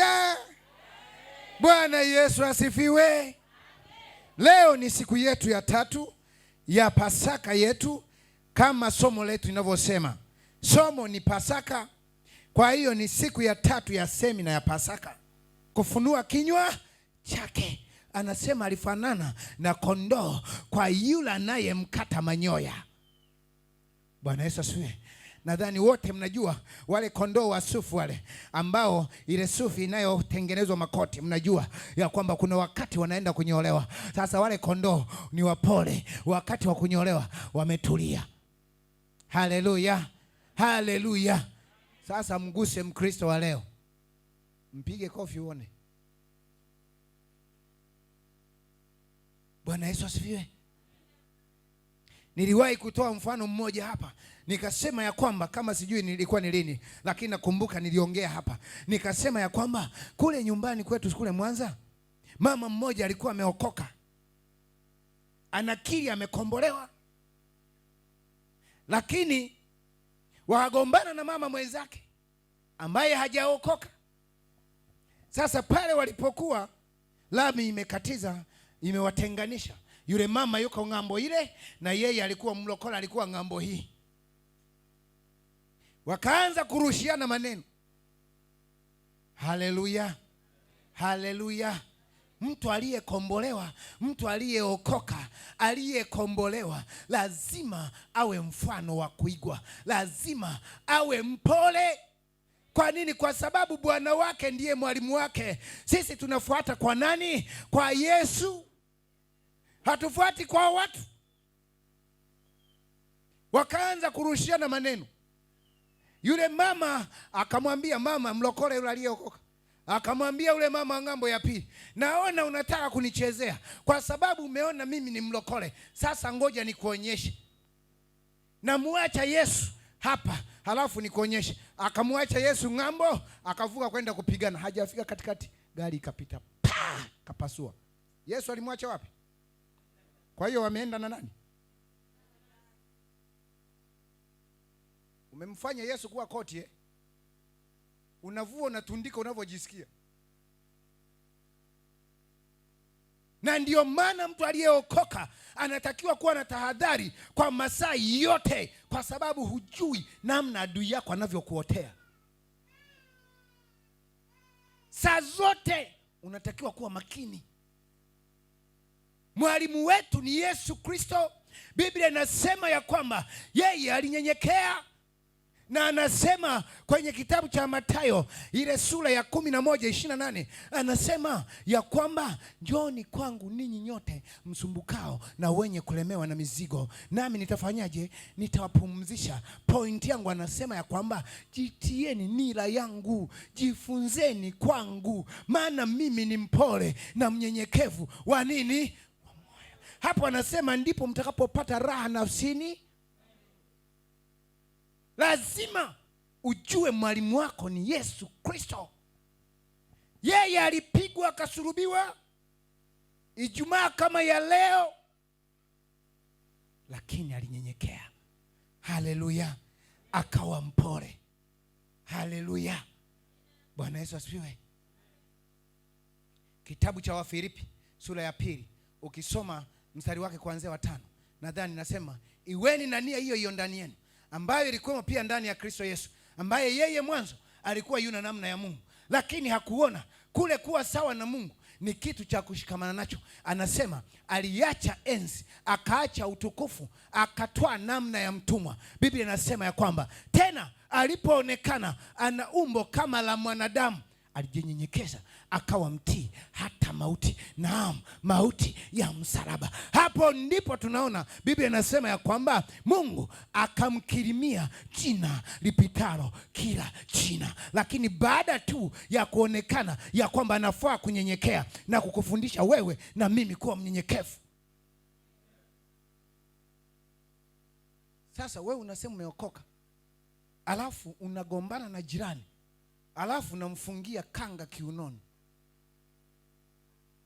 Haleluya! Bwana Yesu asifiwe. Leo ni siku yetu ya tatu ya Pasaka yetu kama somo letu linavyosema. Somo ni Pasaka, kwa hiyo ni siku ya tatu ya semina ya Pasaka. Kufunua kinywa chake, anasema alifanana na kondoo kwa yule anayemkata manyoya. Bwana Yesu asifiwe. Nadhani wote mnajua wale kondoo wa sufu wale ambao ile sufu inayotengenezwa makoti, mnajua ya kwamba kuna wakati wanaenda kunyolewa. Sasa wale kondoo ni wapole, wakati wa kunyolewa wametulia. Haleluya, haleluya. Sasa mguse Mkristo wa leo, mpige kofi uone. Bwana Yesu asifiwe. Niliwahi kutoa mfano mmoja hapa nikasema ya kwamba kama sijui nilikuwa ni lini, lakini nakumbuka niliongea hapa nikasema ya kwamba kule nyumbani kwetu kule Mwanza, mama mmoja alikuwa ameokoka, anakili amekombolewa, lakini wagombana na mama mwenzake ambaye hajaokoka. Sasa pale walipokuwa lami imekatiza, imewatenganisha yule mama yuko ng'ambo ile na yeye alikuwa mlokola, alikuwa ng'ambo hii. Wakaanza kurushiana maneno. Haleluya, haleluya! Mtu aliyekombolewa, mtu aliyeokoka, aliyekombolewa lazima awe mfano wa kuigwa, lazima awe mpole. Kwa nini? Kwa sababu bwana wake ndiye mwalimu wake. Sisi tunafuata kwa nani? Kwa Yesu hatufuati kwa watu. Wakaanza kurushiana maneno. Yule mama akamwambia mama mlokole yule aliyeokoka akamwambia yule mama ng'ambo ya pili, naona unataka kunichezea kwa sababu umeona mimi ni mlokole. Sasa ngoja nikuonyeshe, namwacha Yesu hapa halafu nikuonyeshe. Akamwacha Yesu ng'ambo, akavuka kwenda kupigana. Hajafika katikati, gari ikapita, pa kapasua. Yesu alimwacha wapi? Kwa hiyo wameenda na nani? Umemfanya Yesu kuwa koti eh? Unavua unatundika unavyojisikia, na ndio maana mtu aliyeokoka anatakiwa kuwa na tahadhari kwa masaa yote, kwa sababu hujui namna adui yako anavyokuotea. Saa zote unatakiwa kuwa makini. Mwalimu wetu ni Yesu Kristo. Biblia inasema ya kwamba yeye alinyenyekea na anasema kwenye kitabu cha Mathayo ile sura ya kumi na moja ishirini na nane anasema ya kwamba njoni kwangu ninyi nyote msumbukao na wenye kulemewa na mizigo, nami nitafanyaje? Nitawapumzisha. Pointi yangu anasema ya kwamba jitieni nira yangu, jifunzeni kwangu, maana mimi ni mpole na mnyenyekevu wa nini hapo anasema ndipo mtakapopata raha nafsini. Lazima ujue mwalimu wako ni Yesu Kristo. Yeye alipigwa akasurubiwa Ijumaa kama ya leo, lakini alinyenyekea. Haleluya, akawa mpore Haleluya, Bwana Yesu asifiwe. Kitabu cha Wafilipi sura ya pili ukisoma mstari wake kuanzia watano nadhani nasema, iweni na nia hiyo hiyo ndani yenu ambayo ilikuwemo pia ndani ya Kristo Yesu, ambaye yeye mwanzo alikuwa yuna namna ya Mungu, lakini hakuona kule kuwa sawa na Mungu ni kitu cha kushikamana nacho. Anasema aliacha enzi, akaacha utukufu, akatwaa namna ya mtumwa. Biblia inasema ya kwamba tena alipoonekana ana umbo kama la mwanadamu alijinyenyekeza akawa mtii hata mauti, naam, mauti ya msalaba. Hapo ndipo tunaona Biblia inasema ya kwamba Mungu akamkirimia jina lipitalo kila jina. Lakini baada tu ya kuonekana ya kwamba anafaa kunyenyekea na kukufundisha wewe na mimi kuwa mnyenyekevu, sasa wewe unasema umeokoka, alafu unagombana na jirani alafu namfungia kanga kiunoni.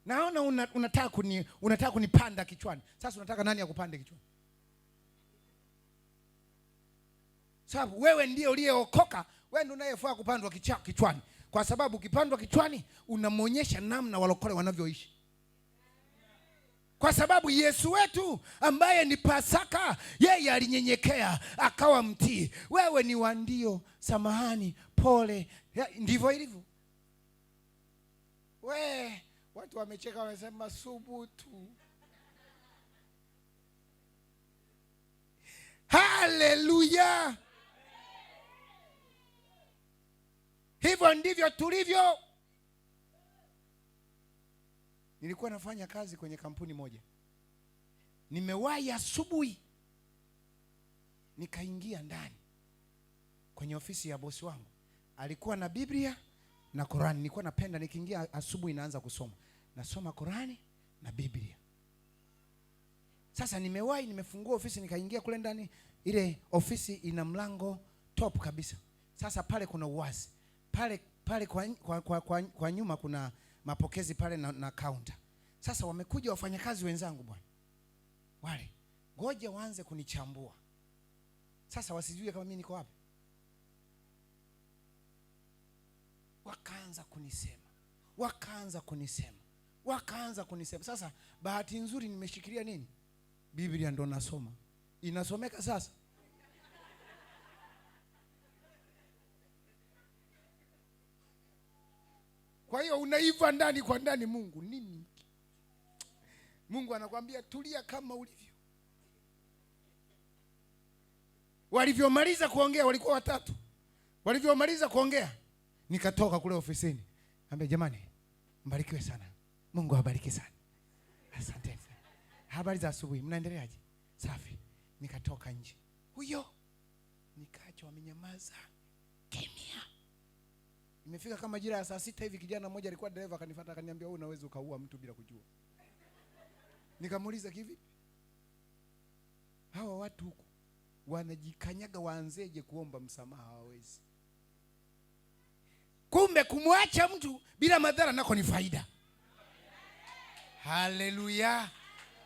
Naona unataka kuni, unataka kunipanda kichwani. Sasa unataka nani akupande kichwani? Sababu wewe ndiye uliyeokoka, wewe ndiye unayefaa kupandwa kichwani, kwa sababu ukipandwa kichwani unamwonyesha namna walokole wanavyoishi kwa sababu Yesu wetu ambaye ni Pasaka, yeye alinyenyekea akawa mtii. Wewe ni wa ndio, samahani, pole, ndivyo ilivyo. We watu wamecheka, wamesema subutu. Haleluya! Hivyo ndivyo tulivyo. Nilikuwa nafanya kazi kwenye kampuni moja, nimewahi asubuhi, nikaingia ndani kwenye ofisi ya bosi wangu, alikuwa na Biblia na Korani. Nilikuwa napenda nikiingia asubuhi, naanza kusoma, nasoma Korani na Biblia. Sasa nimewahi, nimefungua ofisi, nikaingia kule ndani. Ile ofisi ina mlango top kabisa. Sasa pale kuna uwazi pale pale, kwa, kwa, kwa, kwa, kwa nyuma kuna mapokezi pale na, na kaunta. Sasa wamekuja wafanyakazi wenzangu bwana, wale ngoja waanze kunichambua sasa, wasijue kama mimi niko wapi. Wakaanza kunisema, wakaanza kunisema, wakaanza kunisema. Sasa bahati nzuri nimeshikilia nini, Biblia ndo nasoma, inasomeka sasa Kwa hiyo unaiva ndani kwa ndani. Mungu nini? Mungu anakwambia tulia kama ulivyo. Walivyomaliza kuongea walikuwa watatu, walivyomaliza kuongea nikatoka kule ofisini, ambia jamani, mbarikiwe sana, Mungu awabariki sana, asante sana, habari za asubuhi, mnaendeleaje? Safi. Nikatoka nje, huyo nikaacha wamenyamaza. Imefika kama jira ya saa sita hivi, kijana mmoja alikuwa dereva, akanifuata akaniambia, wewe unaweza ukaua mtu bila kujua. Nikamuuliza, kivi, hawa watu huku wanajikanyaga waanzeje kuomba msamaha? Hawawezi. Kumbe kumwacha mtu bila madhara nako ni faida. Haleluya,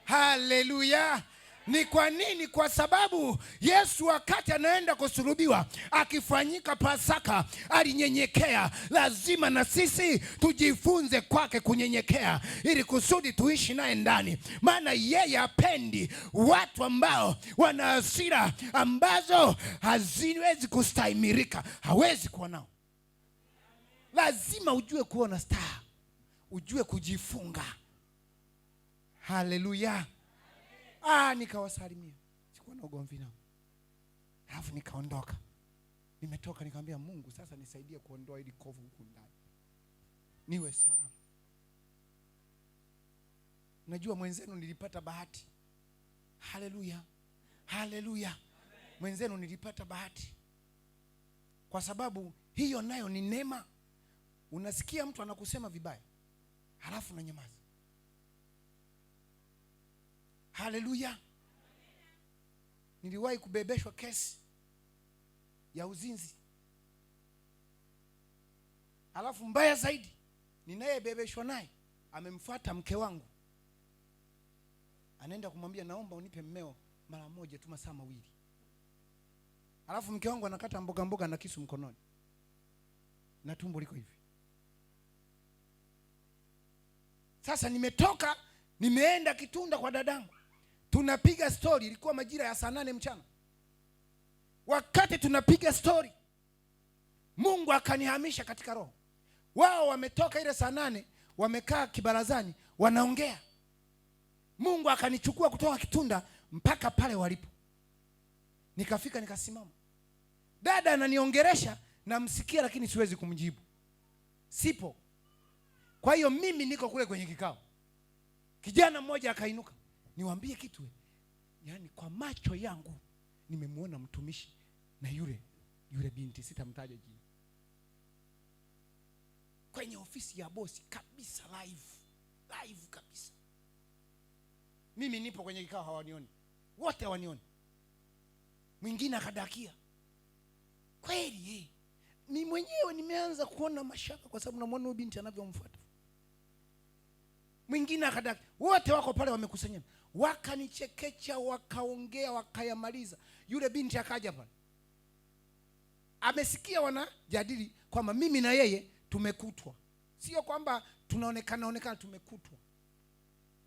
haleluya! Ni kwa nini? Kwa sababu Yesu wakati anaenda kusulubiwa, akifanyika Pasaka, alinyenyekea. Lazima na sisi tujifunze kwake kunyenyekea, ili kusudi tuishi naye ndani, maana yeye hapendi watu ambao wana hasira ambazo haziwezi kustahimilika, hawezi kuwa nao. Lazima ujue kuona staa, ujue kujifunga. Haleluya! ah, nikawasalimia, sikuwa na ugomvi nao, alafu nikaondoka. Nimetoka nikamwambia Mungu, sasa nisaidie kuondoa ili kovu huku ndani, niwe salama. Najua mwenzenu nilipata bahati. Haleluya, haleluya! Mwenzenu nilipata bahati, kwa sababu hiyo nayo ni neema. Unasikia mtu anakusema vibaya, halafu unanyamaza Haleluya! Niliwahi kubebeshwa kesi ya uzinzi, alafu mbaya zaidi, ninayebebeshwa naye amemfuata mke wangu, anaenda kumwambia, naomba unipe mmeo mara moja tu, masaa mawili. Alafu mke wangu anakata mboga mboga na kisu mkononi na tumbo liko hivi. Sasa nimetoka nimeenda Kitunda kwa dadangu tunapiga stori, ilikuwa majira ya saa nane mchana. Wakati tunapiga stori, Mungu akanihamisha katika roho. Wao wametoka ile saa nane, wamekaa kibarazani, wanaongea. Mungu akanichukua kutoka Kitunda mpaka pale walipo, nikafika nikasimama. Dada ananiongeresha, namsikia, lakini siwezi kumjibu, sipo. Kwa hiyo mimi niko kule kwenye kikao. Kijana mmoja akainuka niwaambie kitu, eh. yani kwa macho yangu nimemwona mtumishi na yule yule binti, sitamtaja jina, kwenye ofisi ya bosi kabisa, live live kabisa. Mimi nipo kwenye kikao, hawanioni wote, hawanioni mwingine akadakia kweli. Eh, ni mwenyewe nimeanza kuona mashaka, kwa sababu namwona huyu binti anavyomfuata. Mwingine akadakia, wote wako pale wamekusanyana wakanichekecha, wakaongea, wakayamaliza. Yule binti akaja pale, amesikia wanajadili kwamba mimi na yeye tumekutwa, sio kwamba tunaonekana onekana, tumekutwa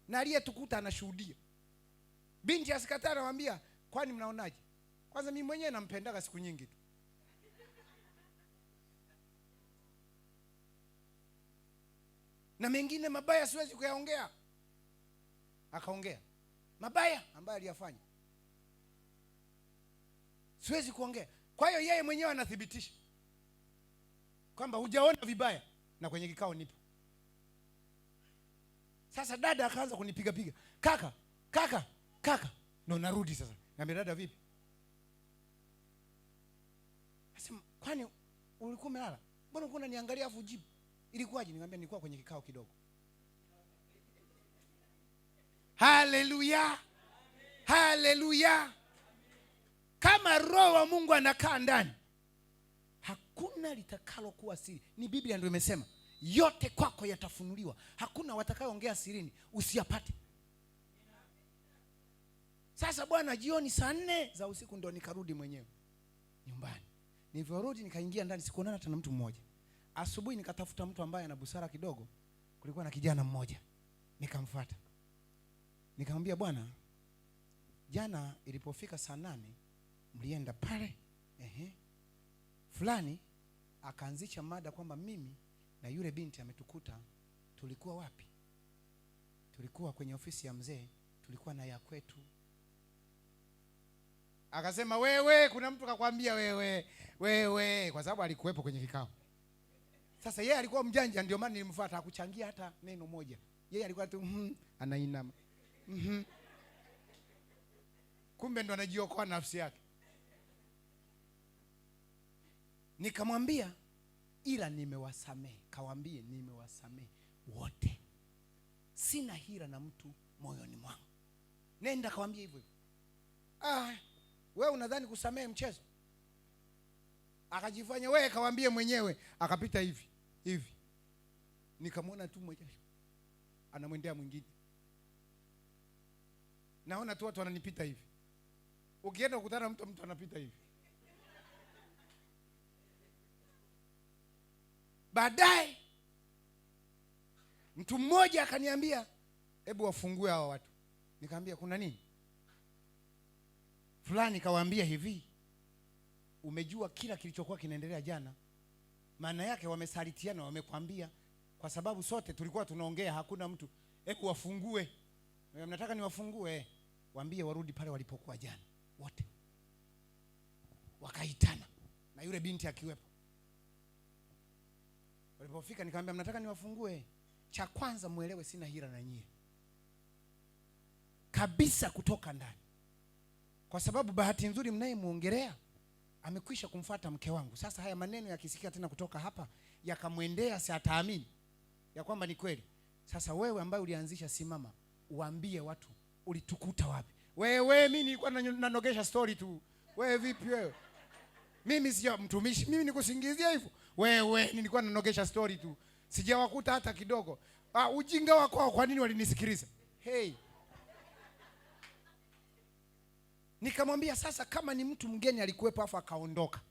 na aliyetukuta anashuhudia. Binti asikataa, anamwambia kwani mnaonaje? Kwanza mimi mwenyewe nampendaga siku nyingi tu. na mengine mabaya siwezi kuyaongea. Akaongea mabaya ambayo aliyafanya, siwezi kuongea. Kwa hiyo yeye mwenyewe anathibitisha kwamba hujaona vibaya, na kwenye kikao nipo. Sasa dada akaanza kunipigapiga, kaka kaka kaka, ndo narudi sasa. Niambia dada, vipi? Nasema kwani ulikuwa umelala? Mbona ulikuwa unaniangalia afu ujibu? Ilikuwaje? Nikamwambia nilikuwa kwenye kikao kidogo. Haleluya, haleluya! Kama roho wa Mungu anakaa ndani, hakuna litakalokuwa siri. Ni Biblia ndio imesema yote kwako yatafunuliwa, hakuna watakayoongea sirini usiyapate. Sasa bwana, jioni saa nne za usiku ndo nikarudi mwenyewe nyumbani. Nilivyorudi nikaingia ndani, sikuonana hata na mtu mmoja. Asubuhi nikatafuta mtu ambaye ana busara kidogo, kulikuwa na kijana mmoja nikamfuata Nikamwambia bwana, jana ilipofika saa nane mlienda pale, ehe, fulani akaanzisha mada kwamba mimi na yule binti ametukuta tulikuwa wapi? Tulikuwa kwenye ofisi ya mzee, tulikuwa na ya kwetu. Akasema wewe, kuna mtu kakwambia wewe, wewe, kwa sababu alikuwepo kwenye kikao. Sasa yeye alikuwa mjanja, ndio maana nilimfuata, akuchangia hata neno moja. Yeye alikuwa tu mm, anainama mm -hmm. Kumbe ndo anajiokoa nafsi yake. Nikamwambia ila nimewasamehe, kawaambie nimewasamehe wote, sina hira na mtu moyoni mwangu. Nenda kawaambie hivyo hivyo. Ah, we unadhani kusamehe mchezo? Akajifanya wewe, kawaambie mwenyewe, akapita hivi hivi, nikamwona tu mmoja anamwendea mwingine naona tu watu wananipita hivi. Ukienda ukutana mtu, mtu anapita hivi. Baadaye mtu mmoja akaniambia, hebu wafungue hawa watu. Nikamwambia kuna nini? Fulani kawaambia hivi, umejua kila kilichokuwa kinaendelea jana, maana yake wamesalitiana, wamekwambia, kwa sababu sote tulikuwa tunaongea, hakuna mtu. Hebu wafungue Mnataka niwafungue? Waambie warudi pale walipokuwa jana wote, wakaitana na yule binti akiwepo. Walipofika nikamwambia, mnataka niwafungue? Cha kwanza mwelewe, sina hila na nyie kabisa, kutoka ndani, kwa sababu bahati nzuri mnayemwongelea amekwisha kumfuata mke wangu. Sasa haya maneno yakisikia tena kutoka hapa yakamwendea, si ataamini ya kwamba ni kweli. Sasa wewe ambaye ulianzisha, simama uambie watu ulitukuta wapi. Wewe mimi nilikuwa nanogesha story tu. Wewe vipi wewe? Mimi sio mtumishi, mimi nikusingizia hivyo. Wewe nilikuwa nanogesha story tu. Sijawakuta hata kidogo. Ah, ujinga wako kwa nini walinisikiliza? Hey. Nikamwambia sasa, kama ni mtu mgeni alikuwepo afu akaondoka,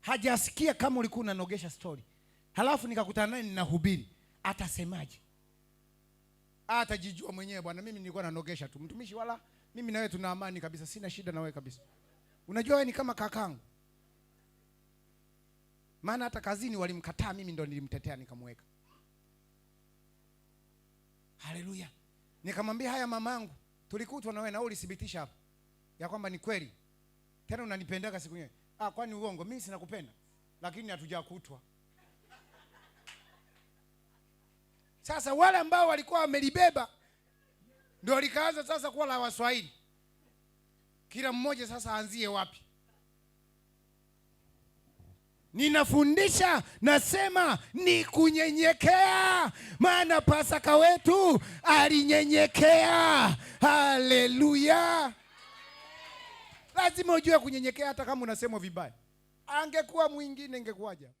hajasikia kama ulikuwa unanogesha story, halafu nikakutana naye ninahubiri, atasemaje? atajijua mwenyewe, bwana, mimi nilikuwa nanogesha tu mtumishi, wala mimi na wewe tuna amani kabisa, sina shida na wewe kabisa. Unajua wewe ni kama kakangu, maana hata kazini walimkataa, mimi ndo nilimtetea nikamweka. Haleluya! Nikamwambia, haya mamangu, tulikutwa na wewe na ulithibitisha hapa ya kwamba ni kweli, tena unanipendeka siku yenyewe. Ah, kwani uongo? Mimi sinakupenda, lakini hatujakutwa Sasa wale ambao walikuwa wamelibeba ndio likaanza sasa kuwa la Waswahili. Kila mmoja sasa aanzie wapi? Ninafundisha nasema ni kunyenyekea, maana Pasaka wetu alinyenyekea. Haleluya! Lazima ujue kunyenyekea, hata kama unasemwa vibaya. Angekuwa mwingine ingekuwaje?